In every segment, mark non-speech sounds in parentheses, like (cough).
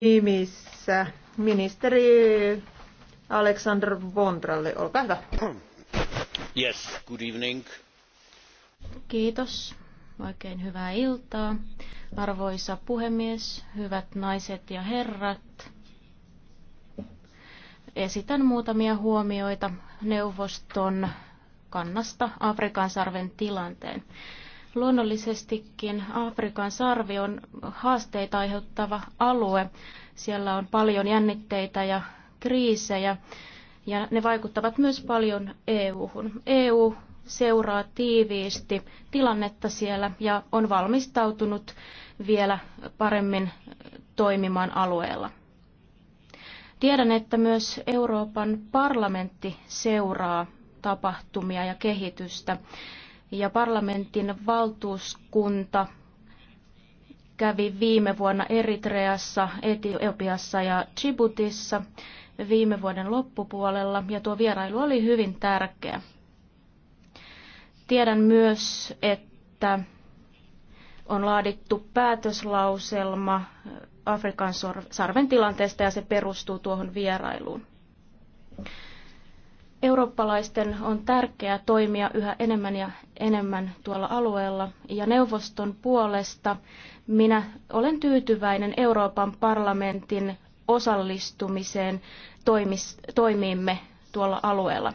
nimissä ministeri Alexander Vondralle, Olkaa hyvä. Yes, good evening. Kiitos. Oikein hyvää iltaa. Arvoisa puhemies, hyvät naiset ja herrat. Esitän muutamia huomioita neuvoston kannasta Afrikan sarven tilanteen. Luonnollisestikin Afrikan sarvi on haasteita aiheuttava alue. Siellä on paljon jännitteitä ja kriisejä ja ne vaikuttavat myös paljon EU-hun. EU seuraa tiiviisti tilannetta siellä ja on valmistautunut vielä paremmin toimimaan alueella. Tiedän, että myös Euroopan parlamentti seuraa tapahtumia ja kehitystä ja parlamentin valtuuskunta kävi viime vuonna Eritreassa, Etiopiassa ja Djiboutissa viime vuoden loppupuolella ja tuo vierailu oli hyvin tärkeä. Tiedän myös, että on laadittu päätöslauselma Afrikan sarven tilanteesta ja se perustuu tuohon vierailuun. Eurooppalaisten on tärkeää toimia yhä enemmän ja enemmän tuolla alueella ja neuvoston puolesta minä olen tyytyväinen Euroopan parlamentin osallistumiseen toimiimme tuolla alueella.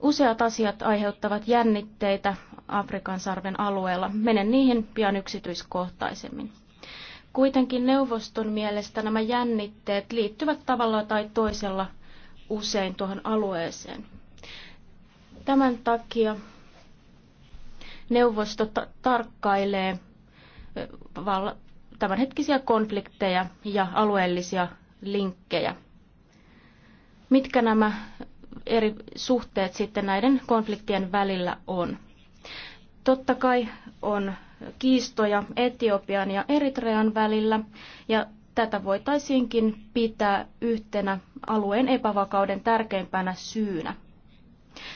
Useat asiat aiheuttavat jännitteitä Afrikan sarven alueella. Menen niihin pian yksityiskohtaisemmin. Kuitenkin neuvoston mielestä nämä jännitteet liittyvät tavalla tai toisella usein tuohon alueeseen. Tämän takia neuvosto ta- tarkkailee val- tämänhetkisiä konflikteja ja alueellisia linkkejä. Mitkä nämä eri suhteet sitten näiden konfliktien välillä on? Totta kai on kiistoja Etiopian ja Eritrean välillä ja Tätä voitaisiinkin pitää yhtenä alueen epävakauden tärkeimpänä syynä.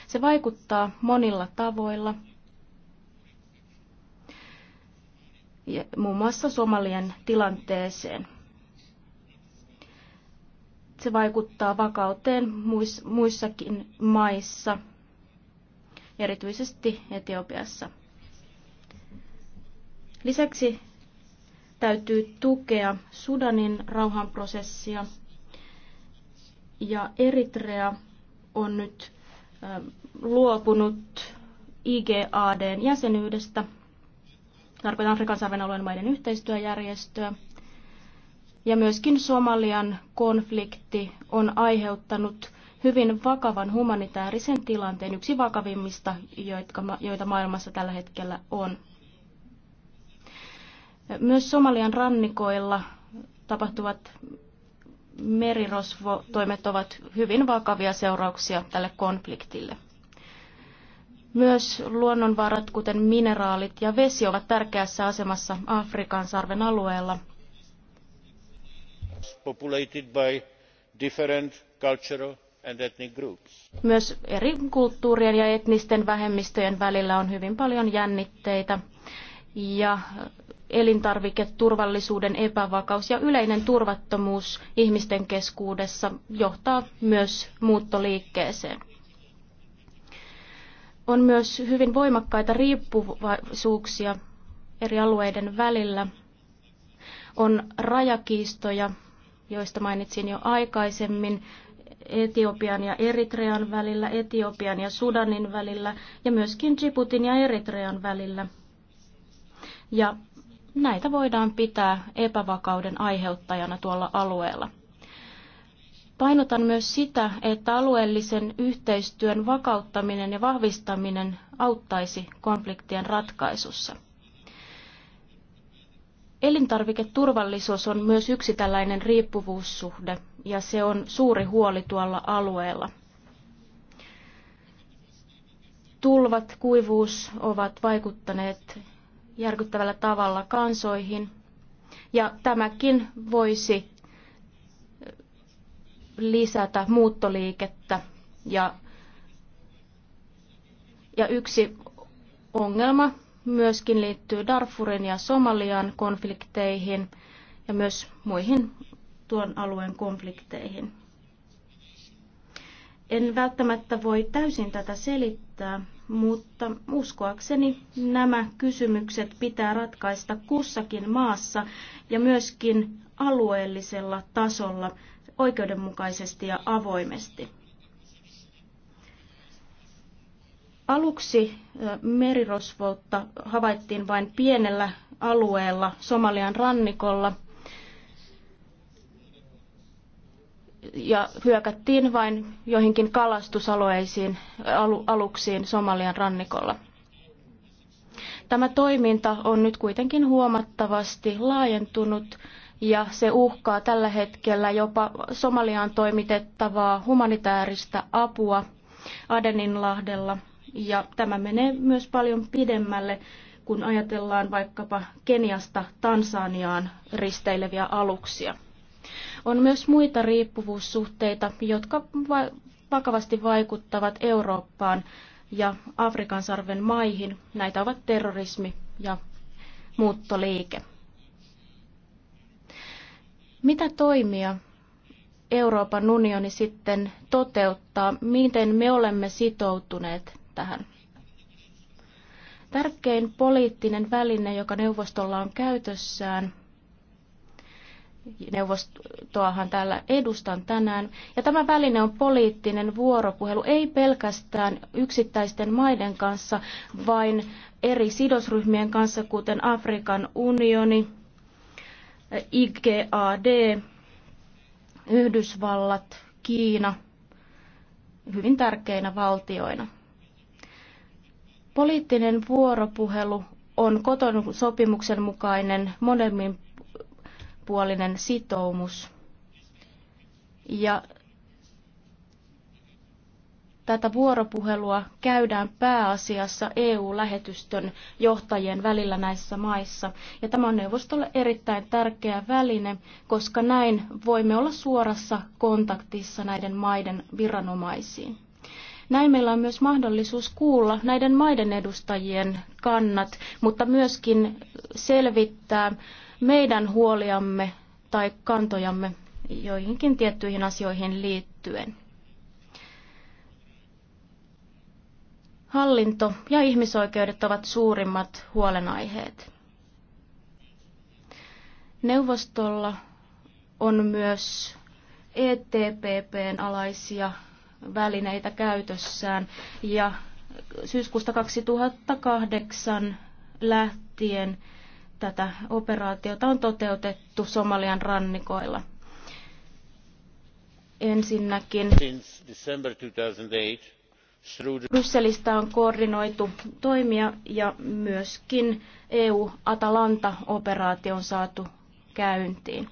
Se vaikuttaa monilla tavoilla, muun muassa somalien tilanteeseen. Se vaikuttaa vakauteen muissakin maissa, erityisesti Etiopiassa. Lisäksi Täytyy tukea Sudanin rauhanprosessia ja Eritrea on nyt luopunut IGADn jäsenyydestä, tarkoitan Afrikan saaven alueen maiden yhteistyöjärjestöä. Ja myöskin Somalian konflikti on aiheuttanut hyvin vakavan humanitaarisen tilanteen, yksi vakavimmista, joita maailmassa tällä hetkellä on. Myös Somalian rannikoilla tapahtuvat merirosvotoimet ovat hyvin vakavia seurauksia tälle konfliktille. Myös luonnonvarat, kuten mineraalit ja vesi, ovat tärkeässä asemassa Afrikan sarven alueella. Myös eri kulttuurien ja etnisten vähemmistöjen välillä on hyvin paljon jännitteitä ja elintarviketurvallisuuden epävakaus ja yleinen turvattomuus ihmisten keskuudessa johtaa myös muuttoliikkeeseen. On myös hyvin voimakkaita riippuvaisuuksia eri alueiden välillä. On rajakiistoja, joista mainitsin jo aikaisemmin, Etiopian ja Eritrean välillä, Etiopian ja Sudanin välillä ja myöskin Djiboutin ja Eritrean välillä. Ja Näitä voidaan pitää epävakauden aiheuttajana tuolla alueella. Painotan myös sitä, että alueellisen yhteistyön vakauttaminen ja vahvistaminen auttaisi konfliktien ratkaisussa. Elintarviketurvallisuus on myös yksi tällainen riippuvuussuhde, ja se on suuri huoli tuolla alueella. Tulvat, kuivuus ovat vaikuttaneet järkyttävällä tavalla kansoihin. Ja tämäkin voisi lisätä muuttoliikettä. Ja, ja yksi ongelma myöskin liittyy Darfurin ja Somalian konflikteihin ja myös muihin tuon alueen konflikteihin. En välttämättä voi täysin tätä selittää, mutta uskoakseni nämä kysymykset pitää ratkaista kussakin maassa ja myöskin alueellisella tasolla oikeudenmukaisesti ja avoimesti. Aluksi merirosvoutta havaittiin vain pienellä alueella Somalian rannikolla – ja hyökättiin vain joihinkin kalastusalueisiin alu, aluksiin Somalian rannikolla. Tämä toiminta on nyt kuitenkin huomattavasti laajentunut ja se uhkaa tällä hetkellä jopa Somaliaan toimitettavaa humanitaarista apua Adeninlahdella. Ja tämä menee myös paljon pidemmälle, kun ajatellaan vaikkapa Keniasta Tansaniaan risteileviä aluksia. On myös muita riippuvuussuhteita, jotka va- vakavasti vaikuttavat Eurooppaan ja Afrikan sarven maihin. Näitä ovat terrorismi ja muuttoliike. Mitä toimia Euroopan unioni sitten toteuttaa? Miten me olemme sitoutuneet tähän? Tärkein poliittinen väline, joka neuvostolla on käytössään, neuvostoahan täällä edustan tänään. Ja tämä väline on poliittinen vuoropuhelu, ei pelkästään yksittäisten maiden kanssa, vain eri sidosryhmien kanssa, kuten Afrikan unioni, IGAD, Yhdysvallat, Kiina, hyvin tärkeinä valtioina. Poliittinen vuoropuhelu on koton sopimuksen mukainen molemmin tasapuolinen sitoumus. Ja tätä vuoropuhelua käydään pääasiassa EU-lähetystön johtajien välillä näissä maissa. Ja tämä on neuvostolle erittäin tärkeä väline, koska näin voimme olla suorassa kontaktissa näiden maiden viranomaisiin. Näin meillä on myös mahdollisuus kuulla näiden maiden edustajien kannat, mutta myöskin selvittää meidän huoliamme tai kantojamme joihinkin tiettyihin asioihin liittyen. Hallinto ja ihmisoikeudet ovat suurimmat huolenaiheet. Neuvostolla on myös ETPPn alaisia välineitä käytössään ja syyskuusta 2008 lähtien tätä operaatiota on toteutettu Somalian rannikoilla. Ensinnäkin Brysselistä on koordinoitu toimia ja myöskin EU-Atalanta-operaatio on saatu käyntiin.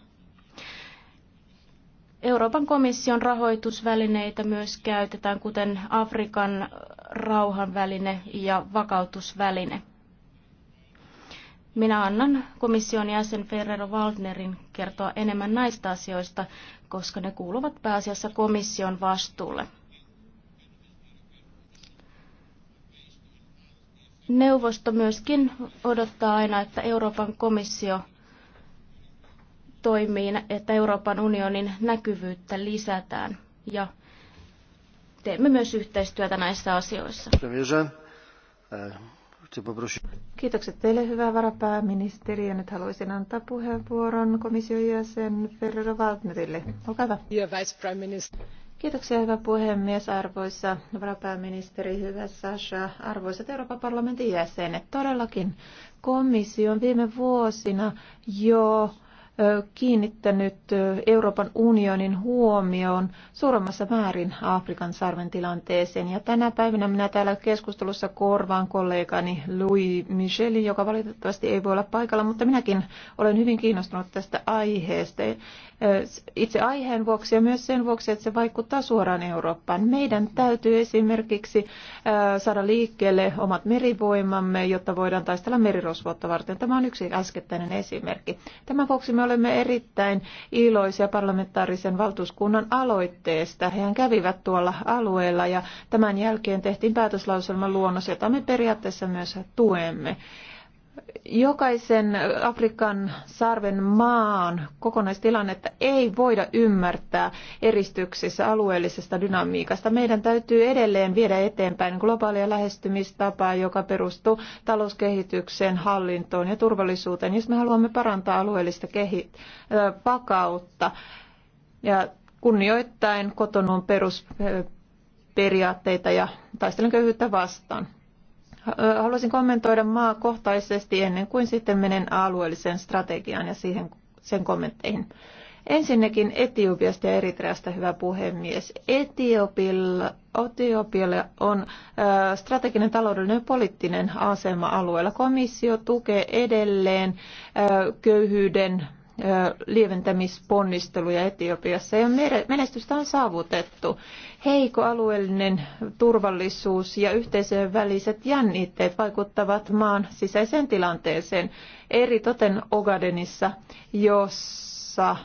Euroopan komission rahoitusvälineitä myös käytetään, kuten Afrikan rauhanväline ja vakautusväline. Minä annan komission jäsen Ferrero Waldnerin kertoa enemmän näistä asioista, koska ne kuuluvat pääasiassa komission vastuulle. Neuvosto myöskin odottaa aina, että Euroopan komissio toimii, että Euroopan unionin näkyvyyttä lisätään ja teemme myös yhteistyötä näissä asioissa. Premierze, Kiitokset teille, hyvä varapääministeri. Ja nyt haluaisin antaa puheenvuoron komission jäsen Ferrero Waldnerille. Olkaa hyvä. Kiitoksia, hyvä puhemies, arvoisa varapääministeri, hyvä Sasha, arvoisat Euroopan parlamentin jäsenet. Todellakin komission viime vuosina jo kiinnittänyt Euroopan unionin huomioon suuremmassa määrin Afrikan sarven tilanteeseen. Ja tänä päivänä minä täällä keskustelussa korvaan kollegani Louis Michelin, joka valitettavasti ei voi olla paikalla, mutta minäkin olen hyvin kiinnostunut tästä aiheesta. Itse aiheen vuoksi ja myös sen vuoksi, että se vaikuttaa suoraan Eurooppaan. Meidän täytyy esimerkiksi saada liikkeelle omat merivoimamme, jotta voidaan taistella merirosvuotta varten. Tämä on yksi äskettäinen esimerkki. Tämän vuoksi me olemme erittäin iloisia parlamentaarisen valtuuskunnan aloitteesta. Hehän kävivät tuolla alueella ja tämän jälkeen tehtiin päätöslauselman luonnos, jota me periaatteessa myös tuemme jokaisen Afrikan sarven maan kokonaistilannetta ei voida ymmärtää eristyksissä alueellisesta dynamiikasta. Meidän täytyy edelleen viedä eteenpäin globaalia lähestymistapaa, joka perustuu talouskehitykseen, hallintoon ja turvallisuuteen, jos me haluamme parantaa alueellista kehi- vakautta ja kunnioittain kotonun perusperiaatteita ja taistelun köyhyyttä vastaan. Haluaisin kommentoida maakohtaisesti ennen kuin sitten menen alueelliseen strategiaan ja siihen, sen kommentteihin. Ensinnäkin Etiopiasta ja Eritreasta, hyvä puhemies. Etiopilla, Etiopialla on ö, strateginen taloudellinen ja poliittinen asema alueella. Komissio tukee edelleen ö, köyhyyden lieventämisponnisteluja Etiopiassa ja menestystä on saavutettu. Heikko alueellinen turvallisuus ja yhteisöjen väliset jännitteet vaikuttavat maan sisäiseen tilanteeseen, eri toten Ogadenissa, jossa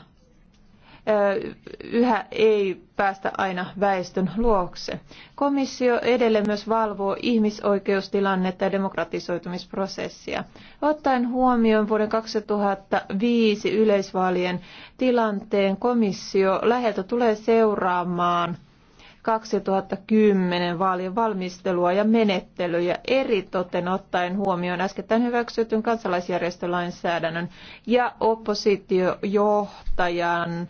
yhä ei päästä aina väestön luokse. Komissio edelleen myös valvoo ihmisoikeustilannetta ja demokratisoitumisprosessia. Ottaen huomioon vuoden 2005 yleisvaalien tilanteen, komissio läheltä tulee seuraamaan – 2010 vaalien valmistelua ja menettelyjä eritoten ottaen huomioon äskettäin hyväksytyn kansalaisjärjestölainsäädännön ja oppositiojohtajan eh,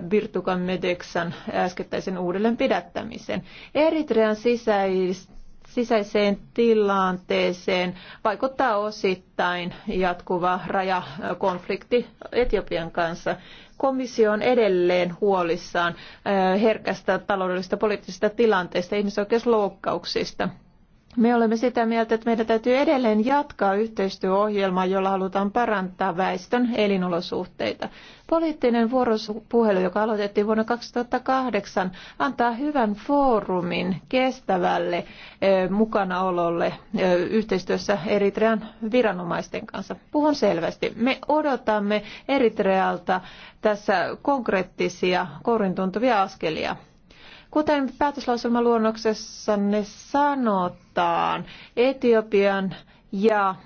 Birtukan Medeksan äskettäisen uudelleen pidättämisen. Eritrean sisäistä sisäiseen tilanteeseen vaikuttaa osittain jatkuva rajakonflikti Etiopian kanssa. Komissio on edelleen huolissaan eh, herkästä taloudellisesta poliittisesta tilanteesta ihmisoikeusloukkauksista. Me olemme sitä mieltä, että meidän täytyy edelleen jatkaa yhteistyöohjelmaa, jolla halutaan parantaa väestön elinolosuhteita. Poliittinen vuoropuhelu, joka aloitettiin vuonna 2008, antaa hyvän foorumin kestävälle mukanaololle yhteistyössä Eritrean viranomaisten kanssa. Puhun selvästi. Me odotamme Eritrealta tässä konkreettisia kourintuntuvia askelia. Kuten päätöslauselmaluonnoksessanne sanotaan, Etiopian ja äh,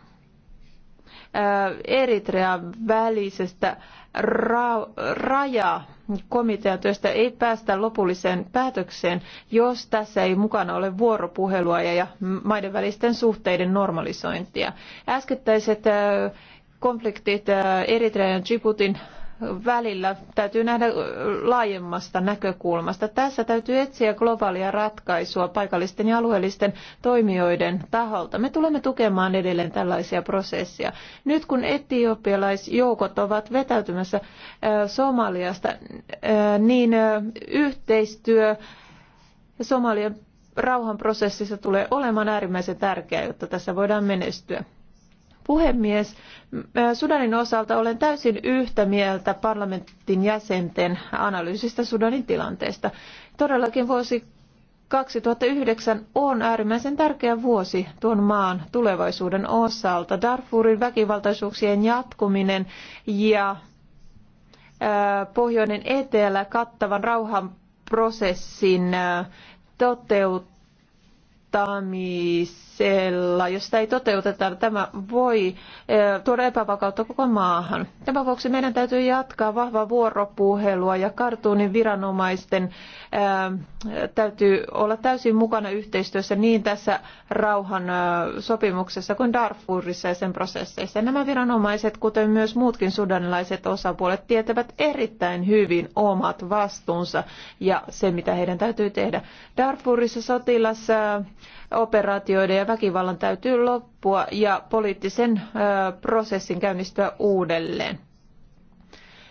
Eritrean välisestä ra- rajakomitean työstä ei päästä lopulliseen päätökseen, jos tässä ei mukana ole vuoropuhelua ja, maiden välisten suhteiden normalisointia. Äskettäiset äh, konfliktit äh, Eritrean ja Djiboutin välillä täytyy nähdä laajemmasta näkökulmasta. Tässä täytyy etsiä globaalia ratkaisua paikallisten ja alueellisten toimijoiden taholta. Me tulemme tukemaan edelleen tällaisia prosesseja. Nyt kun etiopialaisjoukot ovat vetäytymässä Somaliasta, niin yhteistyö Somalian rauhanprosessissa tulee olemaan äärimmäisen tärkeää, jotta tässä voidaan menestyä puhemies, äh, Sudanin osalta olen täysin yhtä mieltä parlamentin jäsenten analyysistä Sudanin tilanteesta. Todellakin vuosi 2009 on äärimmäisen tärkeä vuosi tuon maan tulevaisuuden osalta. Darfurin väkivaltaisuuksien jatkuminen ja äh, pohjoinen etelä kattavan rauhanprosessin äh, toteuttamis perusteella, jos sitä ei toteuteta, tämä voi eh, tuoda epävakautta koko maahan. Tämän vuoksi meidän täytyy jatkaa vahvaa vuoropuhelua ja kartuunin viranomaisten eh, täytyy olla täysin mukana yhteistyössä niin tässä rauhan eh, sopimuksessa kuin Darfurissa ja sen prosesseissa. Nämä viranomaiset, kuten myös muutkin sudanilaiset osapuolet, tietävät erittäin hyvin omat vastuunsa ja se, mitä heidän täytyy tehdä. Darfurissa sotilas operaatioiden ja väkivallan täytyy loppua ja poliittisen prosessin käynnistyä uudelleen.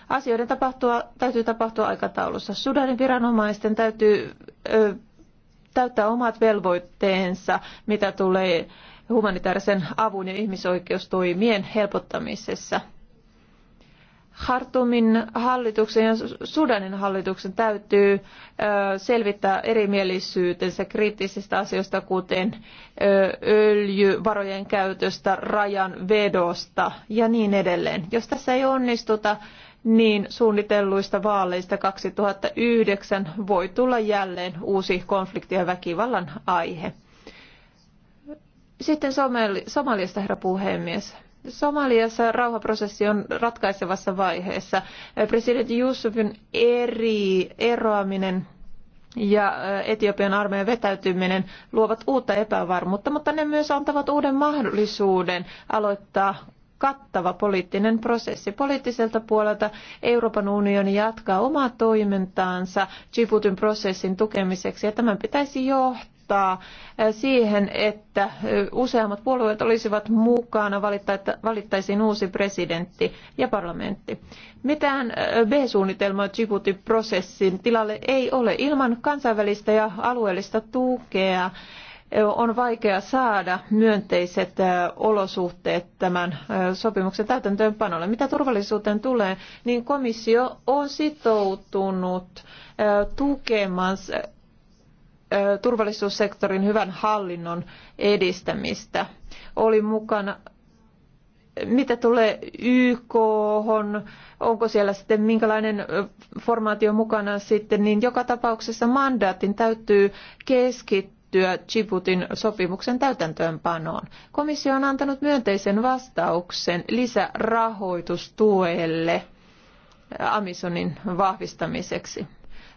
Asioiden tapahtua, täytyy tapahtua aikataulussa. Sudanin viranomaisten täytyy ö, täyttää omat velvoitteensa, mitä tulee humanitaarisen avun ja ihmisoikeustoimien helpottamisessa. Hartumin hallituksen ja Sudanin hallituksen täytyy selvittää erimielisyytensä kriittisistä asioista, kuten öljyvarojen käytöstä, rajan vedosta ja niin edelleen. Jos tässä ei onnistuta, niin suunnitelluista vaaleista 2009 voi tulla jälleen uusi konflikti ja väkivallan aihe. Sitten Somaliasta, herra puhemies. Somaliassa rauhaprosessi on ratkaisevassa vaiheessa. Presidentti Yusufin eri eroaminen ja Etiopian armeijan vetäytyminen luovat uutta epävarmuutta, mutta ne myös antavat uuden mahdollisuuden aloittaa kattava poliittinen prosessi. Poliittiselta puolelta Euroopan unioni jatkaa omaa toimintaansa Djiboutin prosessin tukemiseksi ja tämän pitäisi johtaa johtaa siihen, että useammat puolueet olisivat mukana, valittaisiin uusi presidentti ja parlamentti. Mitään B-suunnitelmaa Djibouti-prosessin tilalle ei ole. Ilman kansainvälistä ja alueellista tukea on vaikea saada myönteiset olosuhteet tämän sopimuksen täytäntöönpanolle. Mitä turvallisuuteen tulee, niin komissio on sitoutunut tukemaan turvallisuussektorin hyvän hallinnon edistämistä. Oli mukana mitä tulee YK, -hon, onko siellä sitten minkälainen formaatio mukana sitten, niin joka tapauksessa mandaatin täytyy keskittyä Djiboutin sopimuksen täytäntöönpanoon. Komissio on antanut myönteisen vastauksen lisärahoitustuelle Amisonin vahvistamiseksi.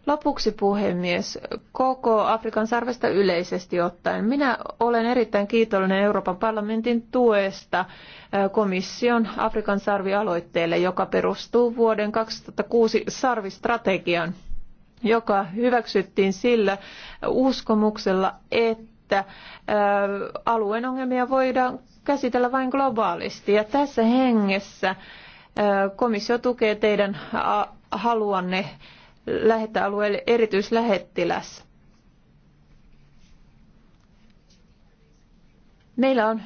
Lopuksi puhemies, koko Afrikan sarvesta yleisesti ottaen. Minä olen erittäin kiitollinen Euroopan parlamentin tuesta komission Afrikan sarvi-aloitteelle, joka perustuu vuoden 2006 sarvistrategiaan, joka hyväksyttiin sillä uskomuksella, että alueen ongelmia voidaan käsitellä vain globaalisti. Ja tässä hengessä komissio tukee teidän haluanne lähettäalueelle erityislähettiläs. Meillä on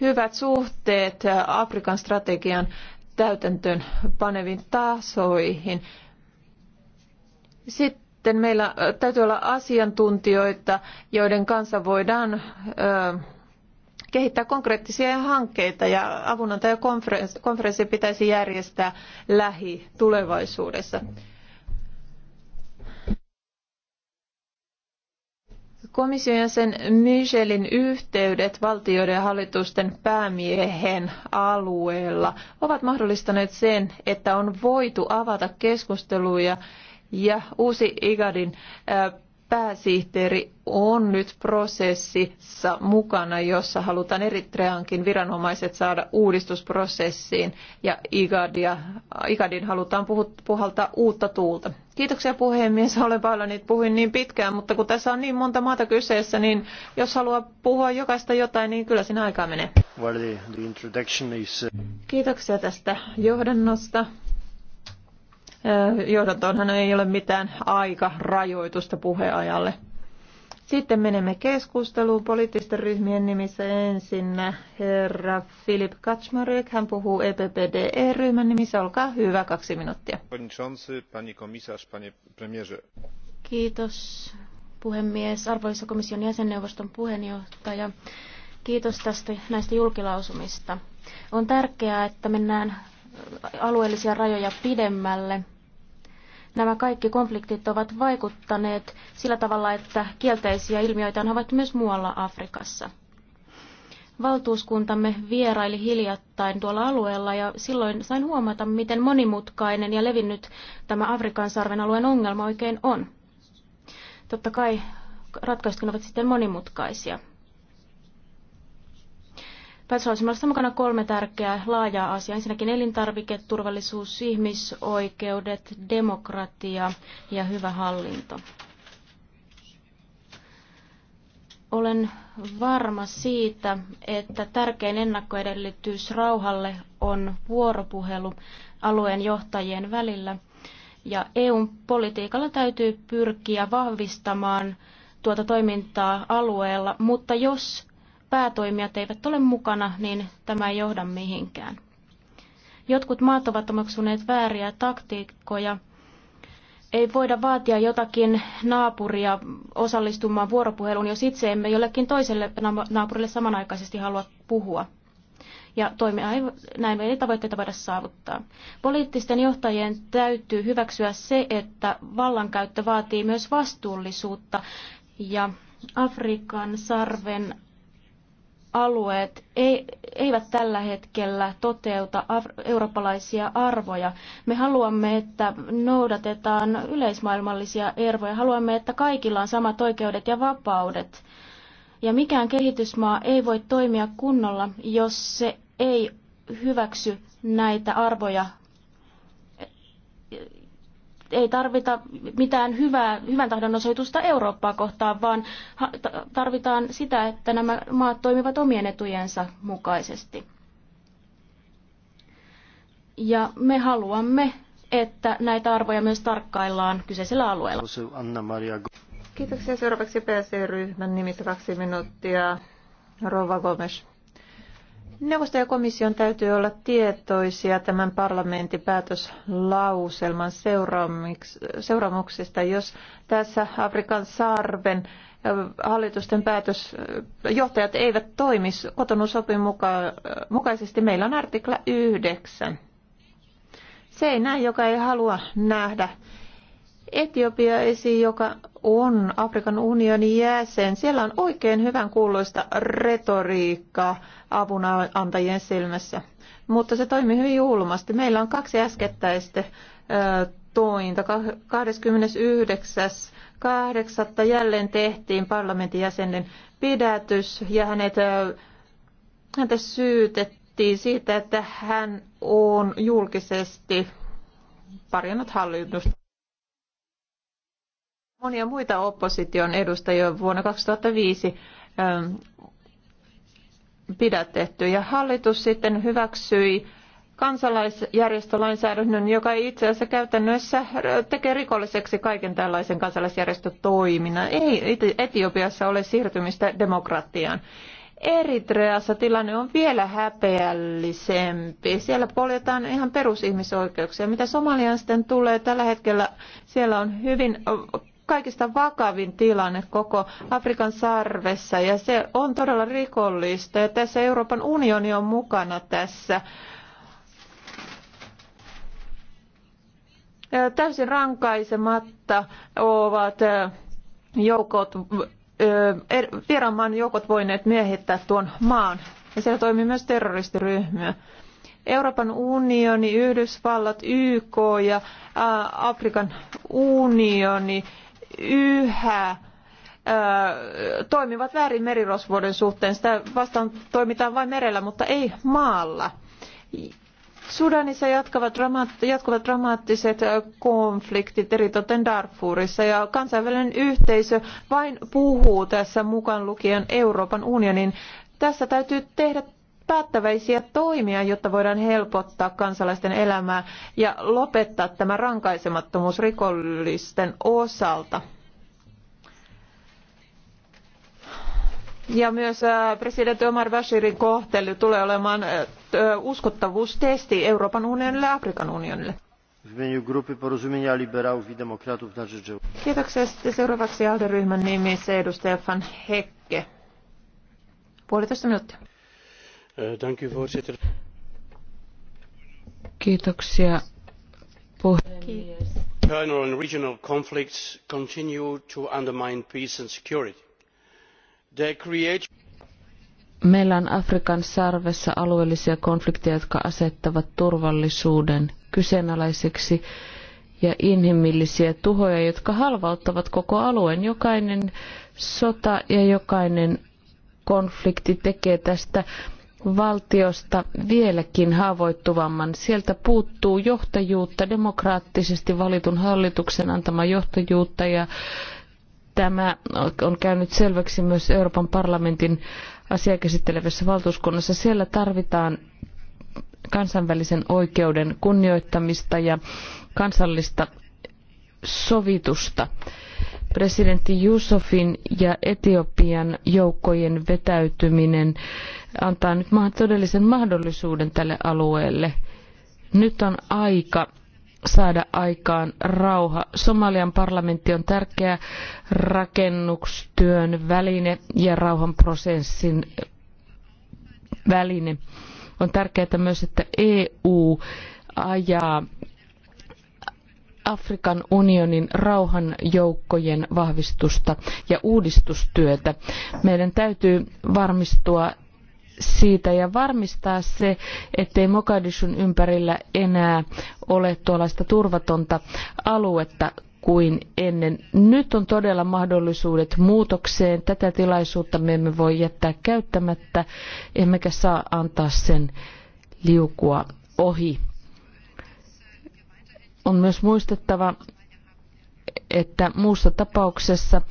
hyvät suhteet Afrikan strategian täytäntöön paneviin tasoihin. Sitten meillä täytyy olla asiantuntijoita, joiden kanssa voidaan kehittää konkreettisia hankkeita ja avunantajakonferenssi pitäisi järjestää lähitulevaisuudessa. tulevaisuudessa. Komission ja sen Michelin yhteydet valtioiden ja hallitusten päämiehen alueella ovat mahdollistaneet sen, että on voitu avata keskusteluja ja uusi IGADin pääsihteeri on nyt prosessissa mukana, jossa halutaan Eritreankin viranomaiset saada uudistusprosessiin ja Igadia, Igadin halutaan puhaltaa uutta tuulta. Kiitoksia puhemies, (laughs) olen paljon nyt puhuin niin pitkään, mutta kun tässä on niin monta maata kyseessä, niin jos haluaa puhua jokaista jotain, niin kyllä siinä aikaa menee. Uh, Kiitoksia tästä johdannosta johdantoonhan ei ole mitään aikarajoitusta puheajalle. Sitten menemme keskusteluun poliittisten ryhmien nimissä ensinnä herra Filip Kaczmarek. Hän puhuu EPPDE-ryhmän nimissä. Olkaa hyvä, kaksi minuuttia. Kiitos puhemies, arvoisa komission jäsenneuvoston puheenjohtaja. Kiitos tästä näistä julkilausumista. On tärkeää, että mennään alueellisia rajoja pidemmälle. Nämä kaikki konfliktit ovat vaikuttaneet sillä tavalla, että kielteisiä ilmiöitä on havaittu myös muualla Afrikassa. Valtuuskuntamme vieraili hiljattain tuolla alueella ja silloin sain huomata, miten monimutkainen ja levinnyt tämä Afrikan sarven alueen ongelma oikein on. Totta kai ratkaisutkin ovat sitten monimutkaisia. Päätöslausimassa on mukana kolme tärkeää laajaa asiaa. Ensinnäkin elintarviketurvallisuus, ihmisoikeudet, demokratia ja hyvä hallinto. Olen varma siitä, että tärkein ennakkoedellytys rauhalle on vuoropuhelu alueen johtajien välillä. Ja EUn politiikalla täytyy pyrkiä vahvistamaan tuota toimintaa alueella, mutta jos päätoimijat eivät ole mukana, niin tämä ei johda mihinkään. Jotkut maat ovat omaksuneet vääriä taktiikkoja. Ei voida vaatia jotakin naapuria osallistumaan vuoropuheluun, jos itse emme jollekin toiselle naapurille samanaikaisesti halua puhua. Ja toimia ei, näin ei tavoitteita voida saavuttaa. Poliittisten johtajien täytyy hyväksyä se, että vallankäyttö vaatii myös vastuullisuutta ja Afrikan sarven alueet eivät tällä hetkellä toteuta eurooppalaisia arvoja. Me haluamme, että noudatetaan yleismaailmallisia ervoja. Haluamme, että kaikilla on samat oikeudet ja vapaudet. Ja mikään kehitysmaa ei voi toimia kunnolla, jos se ei hyväksy näitä arvoja ei tarvita mitään hyvää, hyvän tahdon osoitusta Eurooppaa kohtaan, vaan tarvitaan sitä, että nämä maat toimivat omien etujensa mukaisesti. Ja me haluamme, että näitä arvoja myös tarkkaillaan kyseisellä alueella. Kiitoksia. Seuraavaksi PC-ryhmän nimissä kaksi minuuttia. Rova Gomes. Neuvosto ja komission täytyy olla tietoisia tämän parlamentin päätöslauselman seuraamuksista, jos tässä Afrikan sarven hallitusten päätösjohtajat eivät toimi sopin muka, mukaisesti. Meillä on artikla 9. Se ei näe, joka ei halua nähdä Etiopia esi, joka on Afrikan unionin jäsen, siellä on oikein hyvän kuuloista retoriikkaa avunantajien silmässä. Mutta se toimii hyvin julmasti. Meillä on kaksi äskettäistä tointa. 29.8. jälleen tehtiin parlamentin jäsenen pidätys ja hänet, häntä syytettiin siitä, että hän on julkisesti parjannut hallitusta monia muita opposition edustajia vuonna 2005 ähm, pidätetty. Ja hallitus sitten hyväksyi kansalaisjärjestölainsäädännön, joka itse asiassa käytännössä tekee rikolliseksi kaiken tällaisen kansalaisjärjestötoiminnan. Ei Etiopiassa ole siirtymistä demokratiaan. Eritreassa tilanne on vielä häpeällisempi. Siellä poljetaan ihan perusihmisoikeuksia. Mitä Somaliaan sitten tulee, tällä hetkellä siellä on hyvin kaikista vakavin tilanne koko Afrikan sarvessa ja se on todella rikollista ja tässä Euroopan unioni on mukana tässä. Täysin rankaisematta ovat joukot, er, vieranmaan joukot voineet miehittää tuon maan. Ja siellä toimii myös terroristiryhmiä. Euroopan unioni, Yhdysvallat, YK ja Afrikan unioni yhä toimivat väärin merirosvouden suhteen. Sitä vastaan toimitaan vain merellä, mutta ei maalla. Sudanissa jatkuvat dramaattiset konfliktit, eritoten Darfurissa, ja kansainvälinen yhteisö vain puhuu tässä mukaan lukien Euroopan unionin. Tässä täytyy tehdä päättäväisiä toimia, jotta voidaan helpottaa kansalaisten elämää ja lopettaa tämä rankaisemattomuus rikollisten osalta. Ja myös äh, presidentti Omar Bashirin kohtelu tulee olemaan äh, äh, uskottavuustesti Euroopan unionille ja Afrikan unionille. Kiitoksia. Sitten seuraavaksi nimissä edustaja Van Hekke. Puolitoista minuuttia. Kiitoksia puhemies. Internal and regional conflicts continue to undermine peace and security. They create Meillä on Afrikan sarvessa alueellisia konflikteja, jotka asettavat turvallisuuden kyseenalaiseksi ja inhimillisiä tuhoja, jotka halvauttavat koko alueen. Jokainen sota ja jokainen konflikti tekee tästä valtiosta vieläkin haavoittuvamman. Sieltä puuttuu johtajuutta, demokraattisesti valitun hallituksen antama johtajuutta ja tämä on käynyt selväksi myös Euroopan parlamentin asiakäsittelevässä valtuuskunnassa. Siellä tarvitaan kansainvälisen oikeuden kunnioittamista ja kansallista sovitusta. Presidentti Yusufin ja Etiopian joukkojen vetäytyminen antaa nyt todellisen mahdollisuuden tälle alueelle. Nyt on aika saada aikaan rauha. Somalian parlamentti on tärkeä rakennustyön väline ja rauhanprosessin väline. On tärkeää myös, että EU ajaa Afrikan unionin rauhanjoukkojen vahvistusta ja uudistustyötä. Meidän täytyy varmistua siitä ja varmistaa se, ettei Mogadishun ympärillä enää ole tuollaista turvatonta aluetta kuin ennen. Nyt on todella mahdollisuudet muutokseen. Tätä tilaisuutta me emme voi jättää käyttämättä, emmekä saa antaa sen liukua ohi. On myös muistettava, että muussa tapauksessa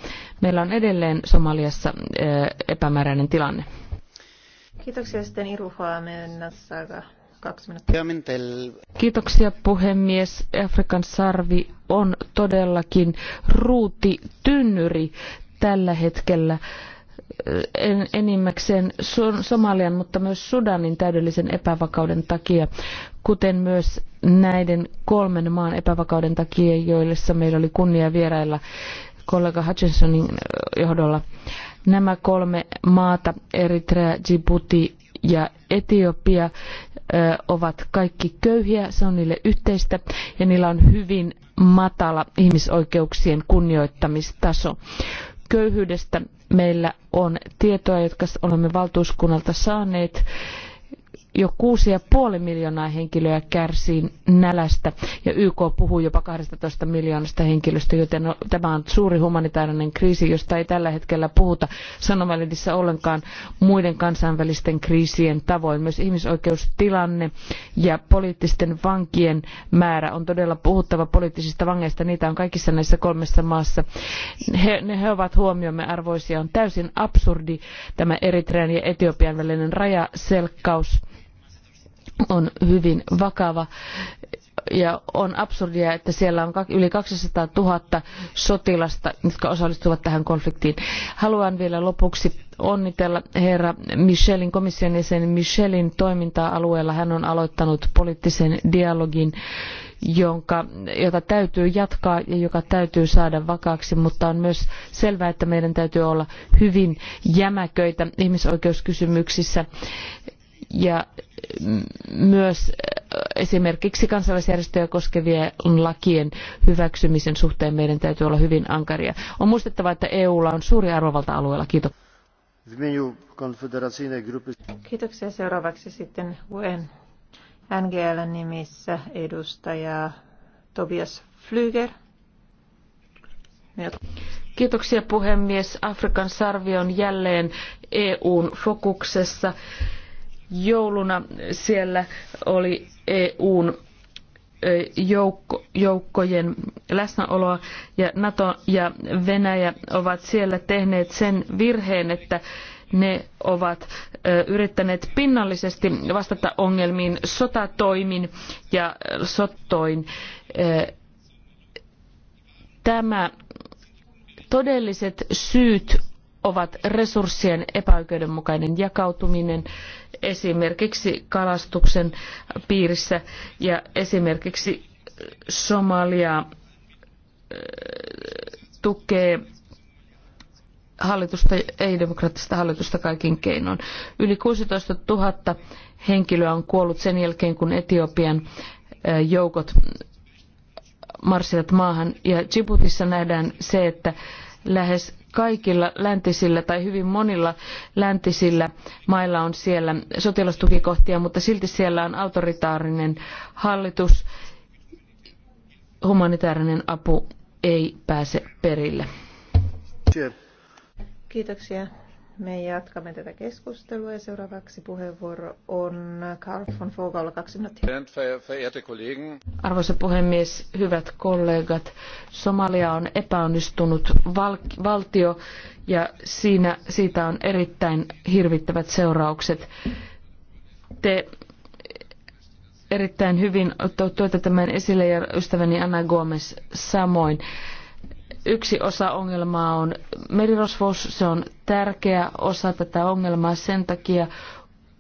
meillä on edelleen Somaliassa epämääräinen tilanne. Kiitoksia sitten kaksi minuuttia. Kiitoksia puhemies. Afrikan sarvi on todellakin ruuti tynnyri tällä hetkellä en, enimmäkseen Somalian, mutta myös Sudanin täydellisen epävakauden takia, kuten myös näiden kolmen maan epävakauden takia, joissa meillä oli kunnia vierailla kollega Hutchinsonin johdolla. Äh, Nämä kolme maata, Eritrea, Djibouti ja Etiopia, ovat kaikki köyhiä, se on niille yhteistä ja niillä on hyvin matala ihmisoikeuksien kunnioittamistaso. Köyhyydestä meillä on tietoa, jotka olemme valtuuskunnalta saaneet jo 6,5 miljoonaa henkilöä kärsii nälästä ja YK puhuu jopa 12 miljoonasta henkilöstä, joten tämä on suuri humanitaarinen kriisi, josta ei tällä hetkellä puhuta sanomalehdissä ollenkaan muiden kansainvälisten kriisien tavoin. Myös ihmisoikeustilanne ja poliittisten vankien määrä on todella puhuttava poliittisista vangeista. Niitä on kaikissa näissä kolmessa maassa. He, ne he ovat huomiomme arvoisia. On täysin absurdi tämä Eritrean ja Etiopian välinen rajaselkkaus on hyvin vakava ja on absurdia, että siellä on yli 200 000 sotilasta, jotka osallistuvat tähän konfliktiin. Haluan vielä lopuksi onnitella herra Michelin, komission jäsen Michelin toimintaa alueella. Hän on aloittanut poliittisen dialogin, jonka, jota täytyy jatkaa ja joka täytyy saada vakaaksi, mutta on myös selvää, että meidän täytyy olla hyvin jämäköitä ihmisoikeuskysymyksissä ja mm, myös äh, esimerkiksi kansalaisjärjestöjä koskevien lakien hyväksymisen suhteen meidän täytyy olla hyvin ankaria. On muistettava, että EU: EUlla on suuri arvovalta alueella. Kiitos. Kiitoksia. Seuraavaksi sitten UN NGL nimissä edustaja Tobias Flyger. Kiitoksia puhemies. Afrikan sarvi on jälleen EUn fokuksessa jouluna siellä oli EUn joukko, joukkojen läsnäoloa ja NATO ja Venäjä ovat siellä tehneet sen virheen, että ne ovat yrittäneet pinnallisesti vastata ongelmiin sotatoimin ja sottoin. Tämä todelliset syyt ovat resurssien epäoikeudenmukainen jakautuminen esimerkiksi kalastuksen piirissä ja esimerkiksi Somalia äh, tukee hallitusta, ei-demokraattista hallitusta kaikin keinoin. Yli 16 000 henkilöä on kuollut sen jälkeen, kun Etiopian äh, joukot marssivat maahan. Ja Djiboutissa nähdään se, että lähes kaikilla läntisillä tai hyvin monilla läntisillä mailla on siellä sotilastukikohtia, mutta silti siellä on autoritaarinen hallitus. Humanitaarinen apu ei pääse perille. Kiitoksia. Me jatkamme tätä keskustelua ja seuraavaksi puheenvuoro on Karl von Vogel, kaksi minuuttia. Arvoisa puhemies, hyvät kollegat, Somalia on epäonnistunut val- valtio ja siinä, siitä on erittäin hirvittävät seuraukset. Te erittäin hyvin tuotte tämän esille ja ystäväni Anna Gomes samoin yksi osa ongelmaa on merirosvous. Se on tärkeä osa tätä ongelmaa sen takia,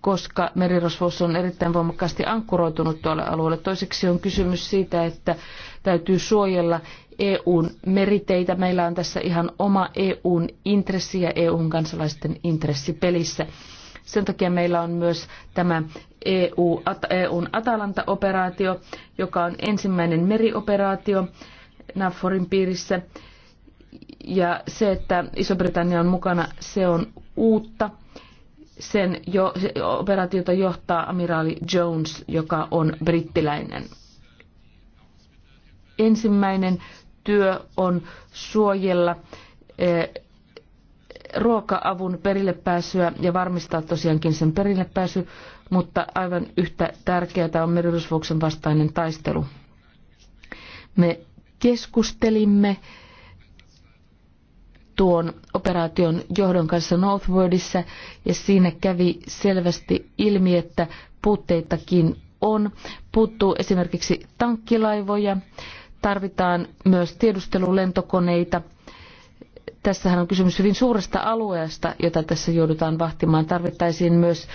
koska merirosvous on erittäin voimakkaasti ankkuroitunut tuolle alueelle. Toiseksi on kysymys siitä, että täytyy suojella EUn meriteitä. Meillä on tässä ihan oma EUn intressi ja EUn kansalaisten intressi pelissä. Sen takia meillä on myös tämä EU, EUn Atalanta-operaatio, joka on ensimmäinen merioperaatio NAFORin piirissä. Ja se, että Iso-Britannia on mukana, se on uutta. Sen jo, se operaatiota johtaa amiraali Jones, joka on brittiläinen. Ensimmäinen työ on suojella eh, ruoka-avun perille pääsyä ja varmistaa tosiaankin sen perille pääsy, mutta aivan yhtä tärkeää on merirosvouksen vastainen taistelu. Me keskustelimme tuon operaation johdon kanssa Northwoodissa ja siinä kävi selvästi ilmi, että puutteitakin on. Puuttuu esimerkiksi tankkilaivoja, tarvitaan myös tiedustelulentokoneita Tässähän on kysymys hyvin suuresta alueesta, jota tässä joudutaan vahtimaan. Tarvittaisiin myös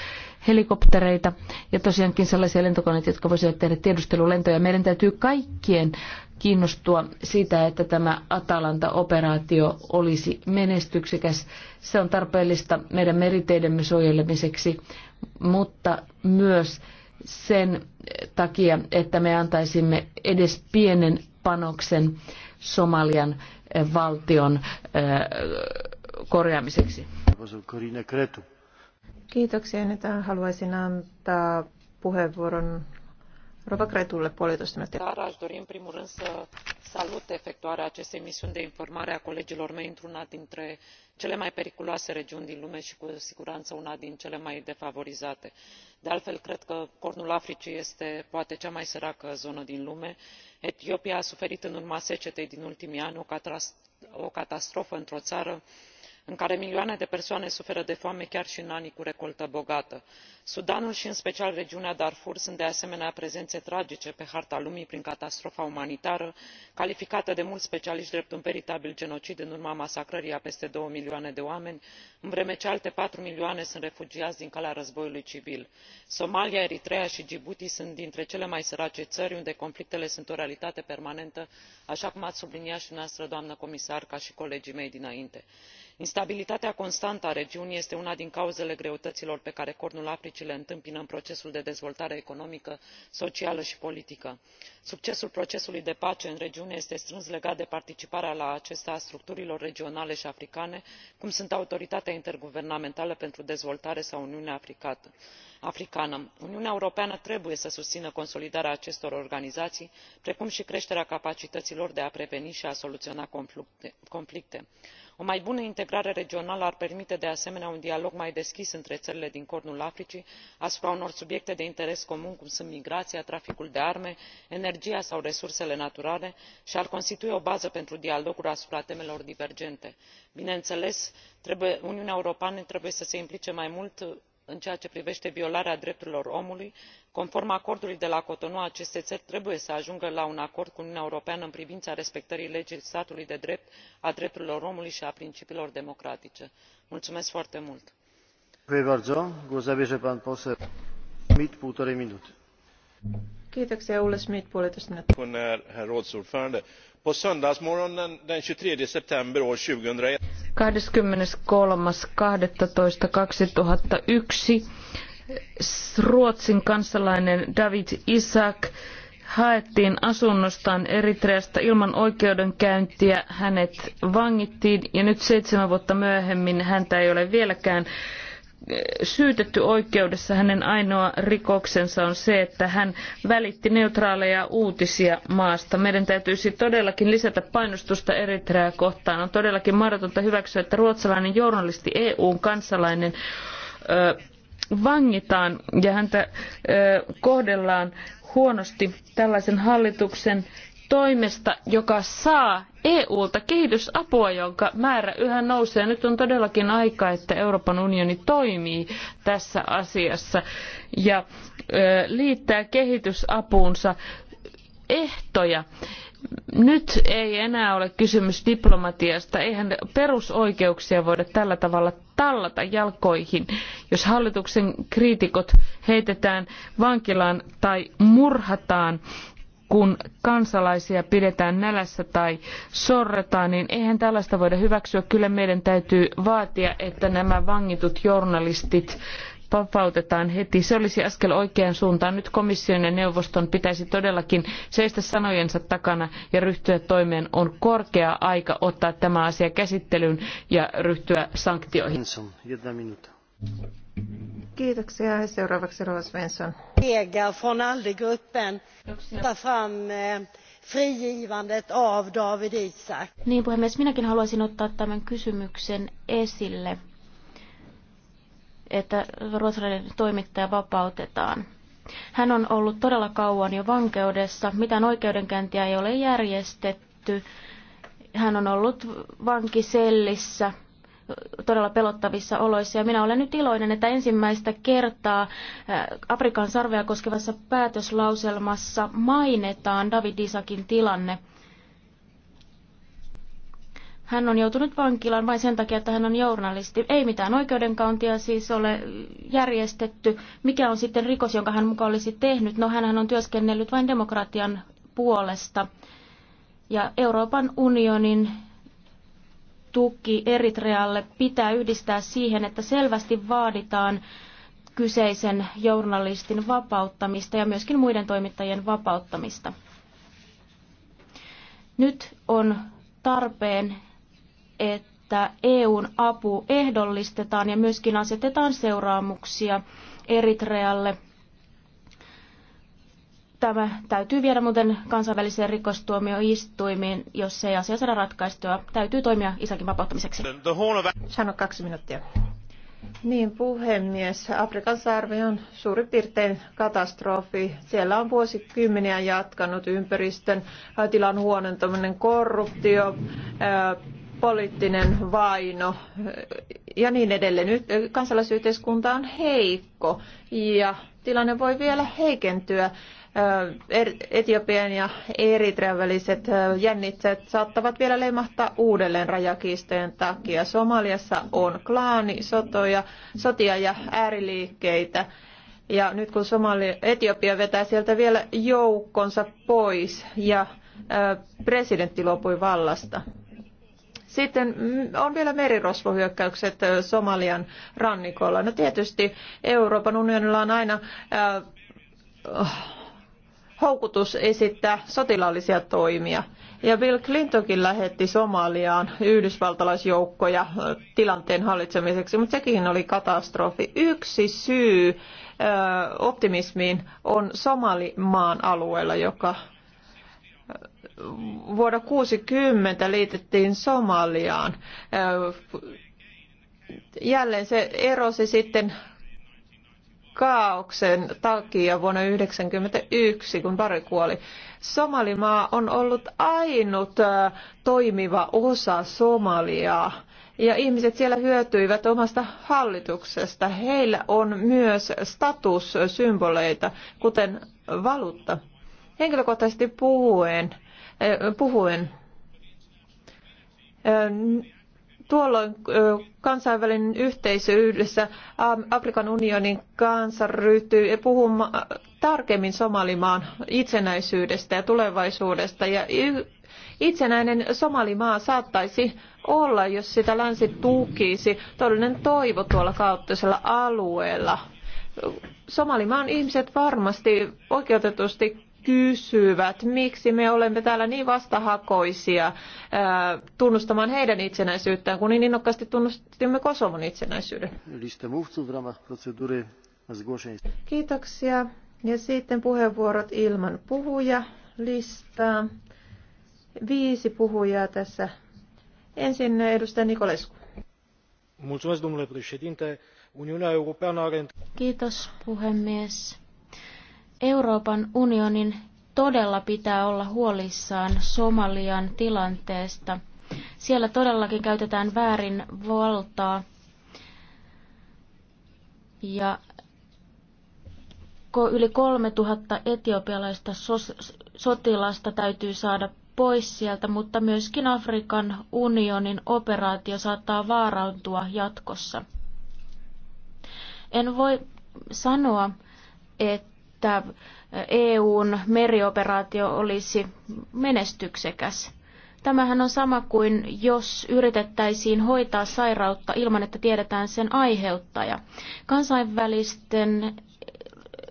helikoptereita ja tosiaankin sellaisia lentokoneita, jotka voisivat tehdä tiedustelulentoja. Meidän täytyy kaikkien kiinnostua siitä, että tämä Atalanta-operaatio olisi menestyksekäs. Se on tarpeellista meidän meriteidemme suojelemiseksi, mutta myös sen takia, että me antaisimme edes pienen panoksen Somalian eh, valtion eh, korjaamiseksi. Kiitoksia. Nyt haluaisin antaa puheenvuoron Rova Kretulle puolitoista minuuttia. Aș dori în primul rând să salut efectuarea acestei misiuni de informare a colegilor mei într-una dintre cele mai periculoase regiuni din lume și cu siguranță una din cele mai defavorizate. De altfel, cred că Cornul Africii este poate cea mai săracă zonă din lume etiopia a suferit în urma secetei din ultimii ani o catastrofă într o ară în care milioane de persoane suferă de foame chiar i în anii cu recoltă bogată sudanul i în special regiunea darfur sunt de asemenea prezene tragice pe harta lumii prin catastrofa umanitară calificată de muli specialiti drept un veritabil genocid în urma masacrării a peste două milioane de oameni în vreme ce alte patru milioane sunt refugiai din calea războiului civil. somalia eritreea i djibouti sunt dintre cele mai sărace ări unde conflictele sunt o realitate permanentă aa cum ai subliniat i dumneavoastră doamnă comisar ca i colegii mei dinainte. instabilitatea constantă a regiunii este una din cauzele greutăilor pe care cornul africii ce le întâmpină în procesul de dezvoltare economică socială i politică. succesul procesului de pace în regiune este strâns legat de participarea la acesta a structurilor regionale i africane cum sunt autoritatea interguvernamentală pentru dezvoltare sau uniunea africană africană. uniunea europeană trebuie să susină consolidarea acestor organizaii precum i creterea capacităii lor de a preveni i a soluiona conflicte. o mai bună integrare regională ar permite de asemenea un dialog mai deschis între ările din cornul africii asupra unor subiecte de interes comun cum sunt migraia traficul de arme energia sau resursele naturale i ar constitui o bază pentru dialoguri asupra temelor divergente. bineîneles uniunea europeană trebuie să se implice mai mult în ceea ce privește violarea drepturilor omului conform acordului de la cotonou aceste țări trebuie să ajungă la un acord cu uniunea europeană în privința respectării legii statului de drept a drepturilor omului și a principiilor democratice. mulțumesc foarte mult! Kiitoksia Ulle Schmidt, puolitoista minuuttia. På söndagsmorgonen den 23 september år 2001 23.12.2001 Ruotsin kansalainen David Isak haettiin asunnostaan Eritreasta ilman oikeudenkäyntiä. Hänet vangittiin ja nyt seitsemän vuotta myöhemmin häntä ei ole vieläkään syytetty oikeudessa. Hänen ainoa rikoksensa on se, että hän välitti neutraaleja uutisia maasta. Meidän täytyisi todellakin lisätä painostusta Eritreaa kohtaan. On todellakin mahdotonta hyväksyä, että ruotsalainen journalisti EUn kansalainen vangitaan ja häntä kohdellaan huonosti tällaisen hallituksen toimesta, joka saa EUlta kehitysapua, jonka määrä yhä nousee. Nyt on todellakin aika, että Euroopan unioni toimii tässä asiassa ja liittää kehitysapuunsa ehtoja. Nyt ei enää ole kysymys diplomatiasta. Eihän perusoikeuksia voida tällä tavalla tallata jalkoihin, jos hallituksen kriitikot heitetään vankilaan tai murhataan kun kansalaisia pidetään nälässä tai sorretaan, niin eihän tällaista voida hyväksyä. Kyllä meidän täytyy vaatia, että nämä vangitut journalistit vapautetaan heti. Se olisi askel oikeaan suuntaan. Nyt komission ja neuvoston pitäisi todellakin seistä sanojensa takana ja ryhtyä toimeen. On korkea aika ottaa tämä asia käsittelyyn ja ryhtyä sanktioihin. Kiitoksia. Seuraavaksi Rova Svensson. Kollega från Aldegruppen tar fram eh, frigivandet av David Isaac. Niin puhemies, minäkin haluaisin ottaa tämän kysymyksen esille, että ruotsalainen toimittaja vapautetaan. Hän on ollut todella kauan jo vankeudessa, mitään oikeudenkäyntiä ei ole järjestetty. Hän on ollut vankisellissä todella pelottavissa oloissa. Ja minä olen nyt iloinen, että ensimmäistä kertaa Afrikan sarvea koskevassa päätöslauselmassa mainitaan David Isakin tilanne. Hän on joutunut vankilaan vain sen takia, että hän on journalisti. Ei mitään oikeudenkauntia siis ole järjestetty. Mikä on sitten rikos, jonka hän mukaan olisi tehnyt? No hän on työskennellyt vain demokratian puolesta. Ja Euroopan unionin tuki Eritrealle pitää yhdistää siihen, että selvästi vaaditaan kyseisen journalistin vapauttamista ja myöskin muiden toimittajien vapauttamista. Nyt on tarpeen, että EUn apu ehdollistetaan ja myöskin asetetaan seuraamuksia Eritrealle Tämä täytyy viedä muuten kansainväliseen rikostuomioistuimiin, jos se ei asia saada ratkaistua. Täytyy toimia isäkin vapauttamiseksi. Sano kaksi minuuttia. Niin, puhemies. Afrikan sarvi on suurin piirtein katastrofi. Siellä on vuosikymmeniä jatkanut ympäristön tilan huonontaminen, korruptio, poliittinen vaino ja niin edelleen. Nyt kansalaisyhteiskunta on heikko ja tilanne voi vielä heikentyä. Er, Etiopian ja Eritrean väliset jännitset saattavat vielä leimahtaa uudelleen rajakiistojen takia. Somaliassa on klaani, sotoja, sotia ja ääriliikkeitä. Ja nyt kun Somali, Etiopia vetää sieltä vielä joukkonsa pois ja presidentti luopui vallasta. Sitten mm, on vielä merirosvohyökkäykset Somalian rannikolla. No tietysti Euroopan unionilla on aina äh, houkutus esittää sotilaallisia toimia. Ja Bill Clintonkin lähetti Somaliaan yhdysvaltalaisjoukkoja tilanteen hallitsemiseksi, mutta sekin oli katastrofi. Yksi syy optimismiin on Somalimaan alueella, joka vuonna 60 liitettiin Somaliaan. Jälleen se erosi sitten kaauksen takia vuonna 1991, kun pari kuoli. Somalimaa on ollut ainut toimiva osa Somaliaa. Ja ihmiset siellä hyötyivät omasta hallituksesta. Heillä on myös statussymboleita, kuten valuutta. Henkilökohtaisesti puhuen, puhuen Tuolloin kansainvälinen yhteisö yhdessä Afrikan unionin kanssa ryhtyi puhumaan tarkemmin Somalimaan itsenäisyydestä ja tulevaisuudesta. Ja itsenäinen Somalimaa saattaisi olla, jos sitä länsi tukisi, todellinen toivo tuolla kauttisella alueella. Somalimaan ihmiset varmasti oikeutetusti kysyvät, miksi me olemme täällä niin vastahakoisia äh, tunnustamaan heidän itsenäisyyttään, kun niin innokkaasti tunnustimme Kosovon itsenäisyyden. Kiitoksia. Ja sitten puheenvuorot ilman puhuja. listaa. Viisi puhujaa tässä. Ensin edustaja Nikolescu. Mulțumesc, domnule președinte. Uniunea Europeană are... Kiitos, puhemies. Euroopan unionin todella pitää olla huolissaan Somalian tilanteesta. Siellä todellakin käytetään väärin valtaa ja yli 3000 etiopialaista sotilasta täytyy saada pois sieltä, mutta myöskin Afrikan unionin operaatio saattaa vaarantua jatkossa. En voi sanoa, että että EUn merioperaatio olisi menestyksekäs. Tämähän on sama kuin jos yritettäisiin hoitaa sairautta ilman, että tiedetään sen aiheuttaja. Kansainvälisten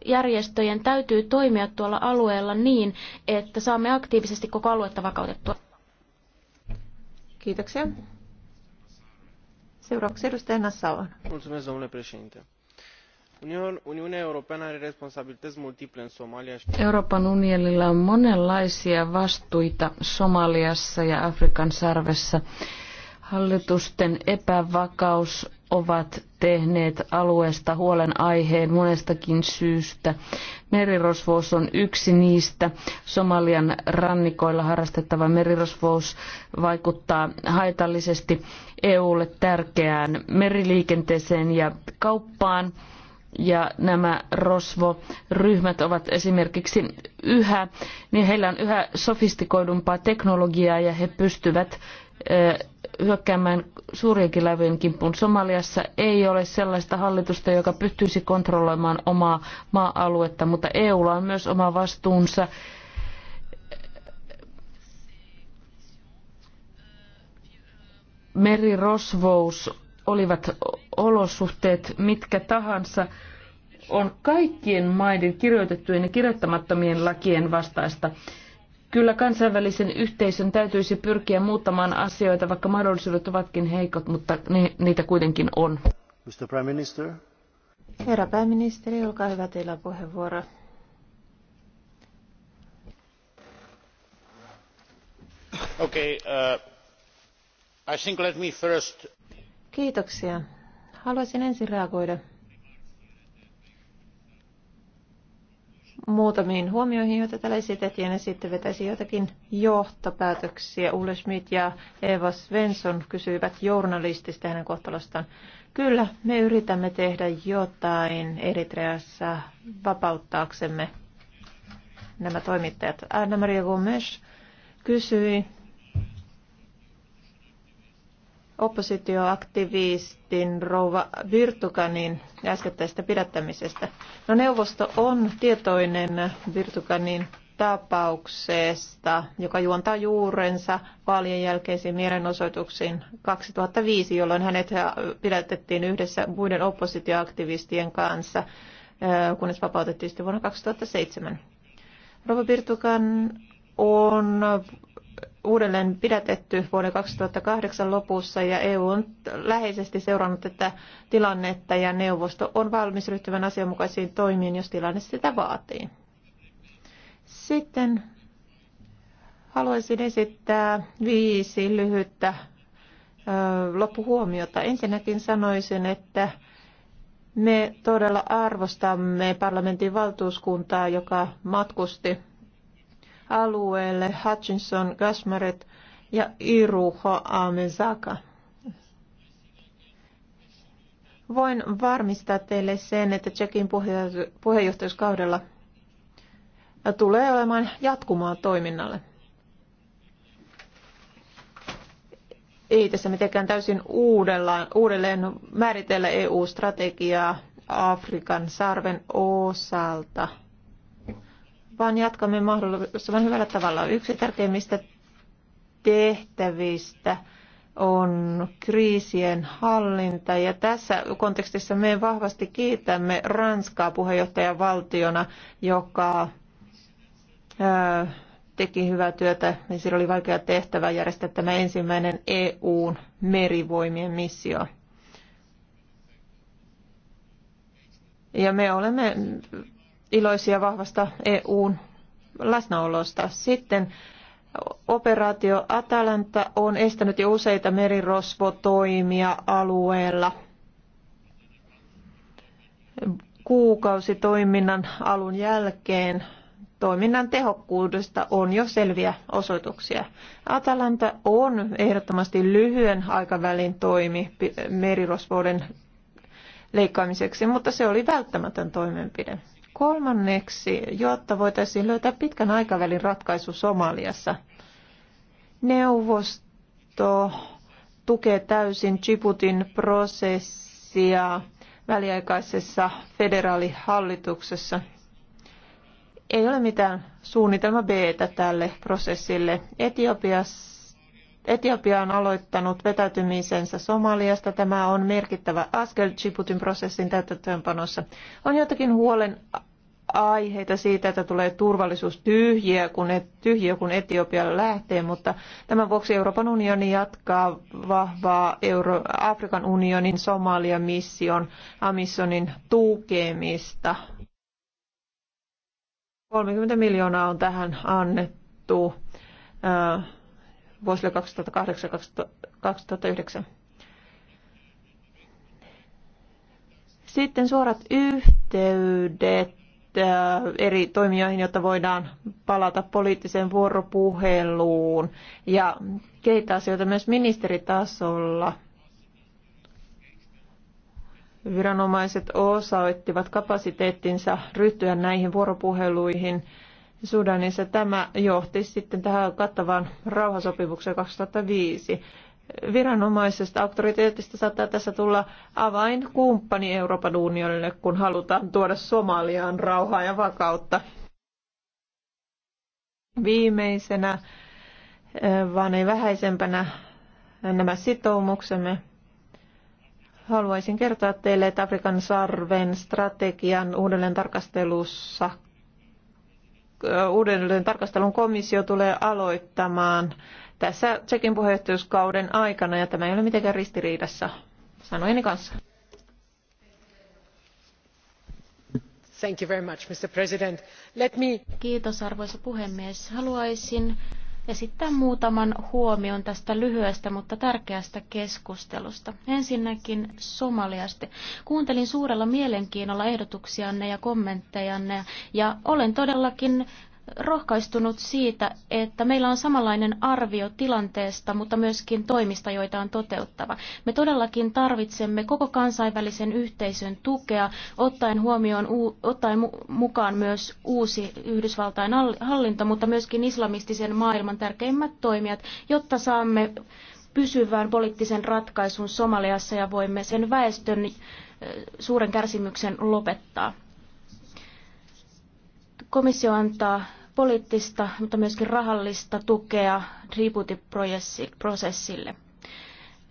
järjestöjen täytyy toimia tuolla alueella niin, että saamme aktiivisesti koko aluetta vakautettua. Kiitoksia. Seuraavaksi edustaja Nassau. Mulțumesc, domnule președinte. Uniunea Europeană are responsabilități multiple în Somalia. Euroopan unionilla on monenlaisia vastuita Somaliassa ja Afrikan sarvessa. Hallitusten epävakaus ovat tehneet alueesta huolenaiheen monestakin syystä. Merirosvous on yksi niistä. Somalian rannikoilla harrastettava merirosvous vaikuttaa haitallisesti EUlle tärkeään meriliikenteeseen ja kauppaan ja nämä Rosvo-ryhmät ovat esimerkiksi yhä, niin heillä on yhä sofistikoidumpaa teknologiaa ja he pystyvät hyökkäämään suurienkin laivojen kimppuun. Somaliassa ei ole sellaista hallitusta, joka pystyisi kontrolloimaan omaa maa-aluetta, mutta EUlla on myös oma vastuunsa. Merirosvous olivat olosuhteet mitkä tahansa, on kaikkien maiden kirjoitettujen ja kirjoittamattomien lakien vastaista. Kyllä kansainvälisen yhteisön täytyisi pyrkiä muuttamaan asioita, vaikka mahdollisuudet ovatkin heikot, mutta ne, niitä kuitenkin on. Mr. Prime Minister. Herra pääministeri, olkaa hyvä, teillä puheenvuoro. Okay, uh, I think let me first... Kiitoksia. Haluaisin ensin reagoida muutamiin huomioihin, joita täällä esitettiin, ja sitten vetäisi jotakin johtopäätöksiä. Ulle Schmidt ja Eva Svensson kysyivät journalistista hänen kohtalostaan. Kyllä, me yritämme tehdä jotain Eritreassa vapauttaaksemme nämä toimittajat. Anna-Maria Gomes kysyi oppositioaktivistin rouva Virtukanin äskettäisestä pidättämisestä. No neuvosto on tietoinen Virtukanin tapauksesta, joka juontaa juurensa vaalien jälkeisiin mielenosoituksiin 2005, jolloin hänet pidätettiin yhdessä muiden oppositioaktivistien kanssa, eh, kunnes vapautettiin sitten vuonna 2007. Rouva Virtukan on uudelleen pidätetty vuoden 2008 lopussa ja EU on läheisesti seurannut tätä tilannetta ja neuvosto on valmis ryhtymään asianmukaisiin toimiin, jos tilanne sitä vaatii. Sitten haluaisin esittää viisi lyhyttä loppuhuomiota. Ensinnäkin sanoisin, että me todella arvostamme parlamentin valtuuskuntaa, joka matkusti alueelle Hutchinson, Gasmaret ja Iruho Amezaka. Voin varmistaa teille sen, että Tsekin puheenjohtajuuskaudella tulee olemaan jatkumaan toiminnalle. Ei tässä mitenkään täysin uudellaan, uudelleen määritellä EU-strategiaa Afrikan sarven osalta – vaan jatkamme mahdollisimman hyvällä tavalla. Yksi tärkeimmistä tehtävistä on kriisien hallinta. Ja tässä kontekstissa me vahvasti kiitämme Ranskaa puheenjohtajavaltiona, joka teki hyvää työtä sillä oli vaikea tehtävä järjestää tämä ensimmäinen EUn merivoimien missio. Ja me olemme iloisia vahvasta EUn läsnäolosta. Sitten operaatio Atalanta on estänyt jo useita merirosvotoimia alueella kuukausitoiminnan alun jälkeen toiminnan tehokkuudesta on jo selviä osoituksia. Atalanta on ehdottomasti lyhyen aikavälin toimi merirosvouden leikkaamiseksi, mutta se oli välttämätön toimenpide. Kolmanneksi, jotta voitaisiin löytää pitkän aikavälin ratkaisu Somaliassa, neuvosto tukee täysin Djiboutin prosessia väliaikaisessa federaalihallituksessa. Ei ole mitään suunnitelma B tälle prosessille. Etiopiassa Etiopia on aloittanut vetäytymisensä Somaliasta. Tämä on merkittävä askel Djiboutin prosessin täytäntöönpanossa. On jotakin huolen aiheita siitä, että tulee turvallisuustyhjiä, kun, et, tyhjiä, kun Etiopia lähtee, mutta tämän vuoksi Euroopan unioni jatkaa vahvaa Euro- Afrikan unionin Somalian mission Amissonin tukemista. 30 miljoonaa on tähän annettu äh, vuosille 2008-2009. Sitten suorat yhteydet Äh, eri toimijoihin, jotta voidaan palata poliittiseen vuoropuheluun ja keitä asioita myös ministeritasolla. Viranomaiset osoittivat kapasiteettinsa ryhtyä näihin vuoropuheluihin Sudanissa. Tämä johti sitten tähän kattavaan rauhasopimukseen 2005 viranomaisesta, auktoriteetista saattaa tässä tulla avainkumppani Euroopan unionille, kun halutaan tuoda Somaliaan rauhaa ja vakautta. Viimeisenä, eh, vaan ei vähäisempänä, nämä sitoumuksemme. Haluaisin kertoa teille, että Afrikan sarven strategian uudelleen tarkastelussa eh, uudelleen tarkastelun komissio tulee aloittamaan tässä Tsekin puheenjohtajuuskauden aikana, ja tämä ei ole mitenkään ristiriidassa sanojeni kanssa. Thank you very much, Mr. President. Let me... Kiitos arvoisa puhemies. Haluaisin esittää muutaman huomion tästä lyhyestä, mutta tärkeästä keskustelusta. Ensinnäkin Somaliasta. Kuuntelin suurella mielenkiinnolla ehdotuksianne ja kommenttejanne ja olen todellakin rohkaistunut siitä, että meillä on samanlainen arvio tilanteesta, mutta myöskin toimista, joita on toteuttava. Me todellakin tarvitsemme koko kansainvälisen yhteisön tukea, ottaen huomioon, ottaen mukaan myös uusi Yhdysvaltain hallinto, mutta myöskin islamistisen maailman tärkeimmät toimijat, jotta saamme pysyvään poliittisen ratkaisun Somaliassa ja voimme sen väestön eh, suuren kärsimyksen lopettaa. Komissio antaa poliittista, mutta myöskin rahallista tukea Djibouti-prosessille.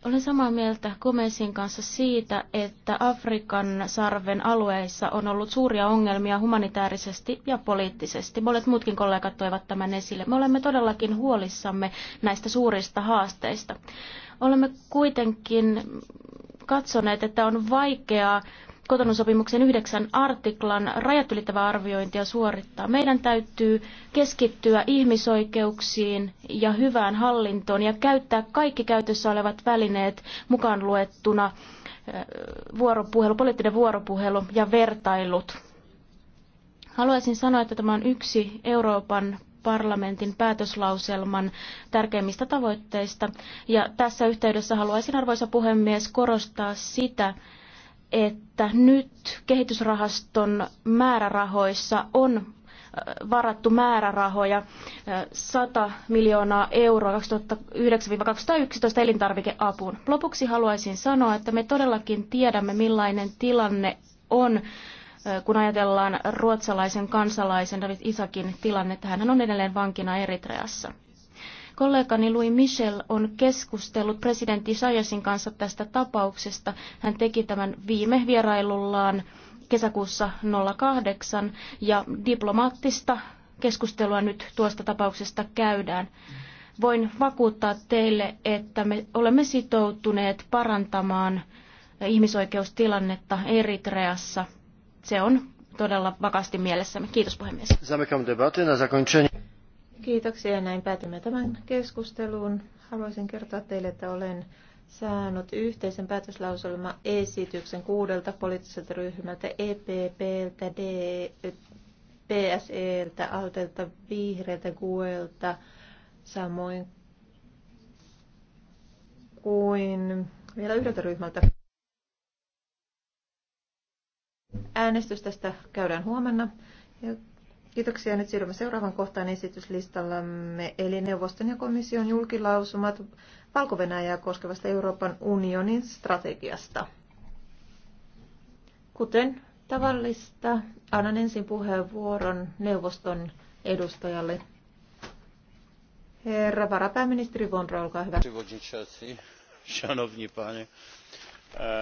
Olen samaa mieltä Gomesin kanssa siitä, että Afrikan sarven alueissa on ollut suuria ongelmia humanitaarisesti ja poliittisesti. Monet muutkin kollegat toivat tämän esille. Me olemme todellakin huolissamme näistä suurista haasteista. Olemme kuitenkin katsoneet, että on vaikeaa kotonun sopimuksen yhdeksän artiklan rajat ylittävää arviointia suorittaa. Meidän täytyy keskittyä ihmisoikeuksiin ja hyvään hallintoon ja käyttää kaikki käytössä olevat välineet mukaan luettuna vuoropuhelu, poliittinen vuoropuhelu ja vertailut. Haluaisin sanoa, että tämä on yksi Euroopan parlamentin päätöslauselman tärkeimmistä tavoitteista. Ja tässä yhteydessä haluaisin, arvoisa puhemies, korostaa sitä, että nyt kehitysrahaston määrärahoissa on varattu määrärahoja 100 miljoonaa euroa 2009-2011 elintarvikeapuun. Lopuksi haluaisin sanoa, että me todellakin tiedämme, millainen tilanne on, kun ajatellaan ruotsalaisen kansalaisen David Isakin tilannetta. Hän on edelleen vankina Eritreassa. Kollegani Louis Michel on keskustellut presidentti Sajasin kanssa tästä tapauksesta. Hän teki tämän viime vierailullaan kesäkuussa 08 ja diplomaattista keskustelua nyt tuosta tapauksesta käydään. Voin vakuuttaa teille, että me olemme sitoutuneet parantamaan ihmisoikeustilannetta Eritreassa. Se on todella vakaasti mielessämme. Kiitos puhemies. Kiitoksia. Näin päätimme tämän keskusteluun. Haluaisin kertoa teille, että olen saanut yhteisen esityksen kuudelta poliittiselta ryhmältä EPPltä, D, PSEltä, Altelta, Vihreältä, GUElta, samoin kuin vielä yhdeltä ryhmältä. Äänestys tästä käydään huomenna. Ja Kiitoksia. Nyt siirrymme seuraavan kohtaan esityslistallamme, eli neuvoston ja komission julkilausumat valko koskevasta Euroopan unionin strategiasta. Kuten tavallista, annan ensin puheenvuoron neuvoston edustajalle. Herra varapääministeri Vondra, olkaa hyvä.